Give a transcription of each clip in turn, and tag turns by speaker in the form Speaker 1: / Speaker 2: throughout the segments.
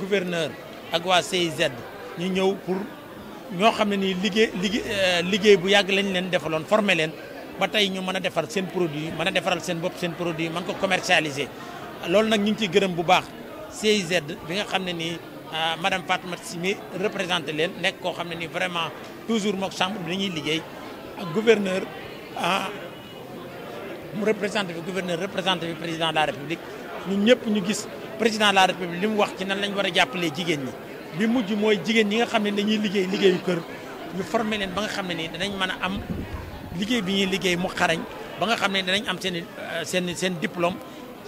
Speaker 1: gouverneur ak waa CIZ ñu ñëw pour ño xamné ni nii liggéey liggéey euh, bu yag lañ leen défalon formé leen ba tay ñu mëna défar seen produit mëna défaral seen bop seen produit man ko commercialiser. lool nak ñu ci ciy gërëm bu baax CIZ bi nga xamné ni euh, madame Fatma Sy mi représenté leen nek ko xamné ni vraiment toujours mok chambre dañuy liggéey ak gouverneur ah, mu représenté fi gouverneur représenté le président de la république ñun ñëpp ñu gis. président de la république li mu wax ci nan lañ war a jàppalee jigéen ñi bi mujj mooy jigéen ñi nga xam ne dañuy liggéey liggéeyu kër ñu formé leen ba nga xam ne nii danañ mën a am liggéey bi ñuy liggéey mu xarañ ba nga xam ne danañ am seen euh, seen seen diplôme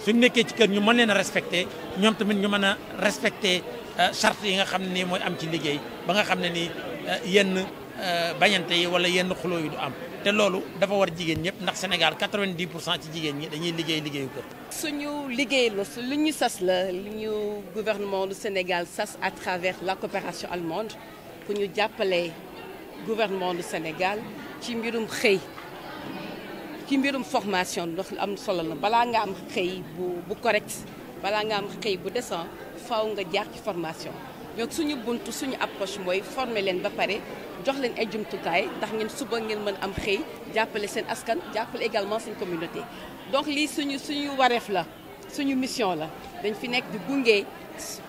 Speaker 1: suñ nekkee ci kër ñu mën leen a respecté ñoom tamit ñu mën a respecté euh, charte yi nga xam ne nii mooy am ci liggéey ba nga xam ne nii euh, yenn bañante yi wala yenn xuloo yi du am té loolu dafa war jigen ñep ndax Sénégal 90 ci jigen ñi dañuy liggéey liggéeyu kër.
Speaker 2: suñu liggéey la lu ñu sas la lu gouvernement du Sénégal sas à travers la coopération allemande pour ñu jappalé gouvernement du Sénégal ci mbirum xey ci mbirum formation ndox am solo la bala nga am xey bu bu correct bala nga am xey bu décent faaw nga jaar ci formation ñoom suñu buntu suñu approche mooy former leen ba pare jox leen ay jumtukaay ndax ngeen suba ngeen mën am xëy jàppale seen askan jàppale également seen communauté. donc lii suñu suñu wareef la suñu mission la dañ fi nekk di gunge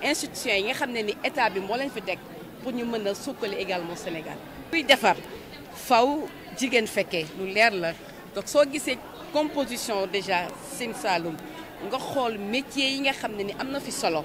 Speaker 2: institution yi nga xam ne ni état bi moo leen fi teg pour ñu mën a sukkale également Sénégal. kuy defar faw jigéen fekkee lu leer la donc soo gisee composition déjà Sine Saloum nga xool métier yi nga xam ne ni am na fi solo.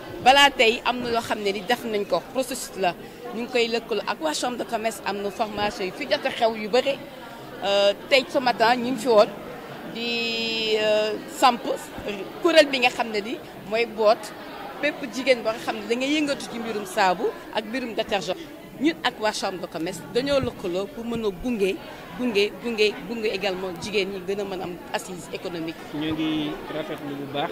Speaker 2: balaa tey am na loo xam ne ni def nañ ko processus la ñu ngi koy lëkkaloo ak waa chambre de commerce am na formation yi fi jot a xew yu bëri euh, tey ce matin ñu ngi fi woon di euh, samp kuréel bi nga xam ne ni mooy boot bépp jigéen boo nga xam ne da ngay yëngatu ci mbirum saabu ak mbirum détergent ñun ak waa chambre de commerce dañoo lëkkaloo pour mën a gunge gunge gunge gunge également jigéen ñi gën a mën am assise économique.
Speaker 3: ñu ngi rafetlu bu baax.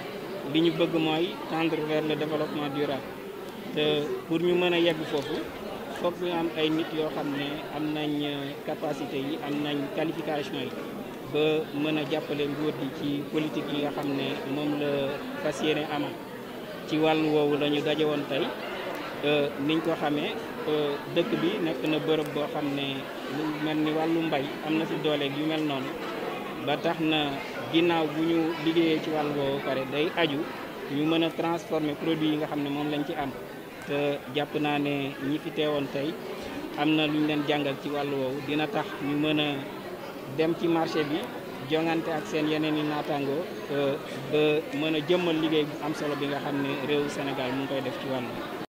Speaker 3: li ñu bëgg mooy tendre vers le développement durable te pour ñu mën a yegg foofu foog ñu am ay nit yoo xam ne am nañ euh, capacité yi am nañ qualification yi ba mën a jàppale nguur gi ci politique yi nga xam ne moom la fas yéene amal ci wàllu woowu la ñu daje woon tey euh, niñ ko xamee euh, dëkk bi nekk na bërëb boo xam ne lu mel ni wàllu mbay am na fi dooleeg yu mel noonu ba tax na ginnaaw bu ñu liggéeyee ci wàll boobu pare day aju ñu mën a transformer produit yi nga xam ne moom lañ ci am te jàpp naa ne ñi fi teewoon tey am na lu ñu leen jàngal ci wàll woowu dina tax ñu mën a dem ci marché bi jongante ak seen yeneen i naataangoo euh, ba mën a jëmmal liggéey bu am solo bi nga xam ne réewu Sénégal mu ngi koy def ci wàll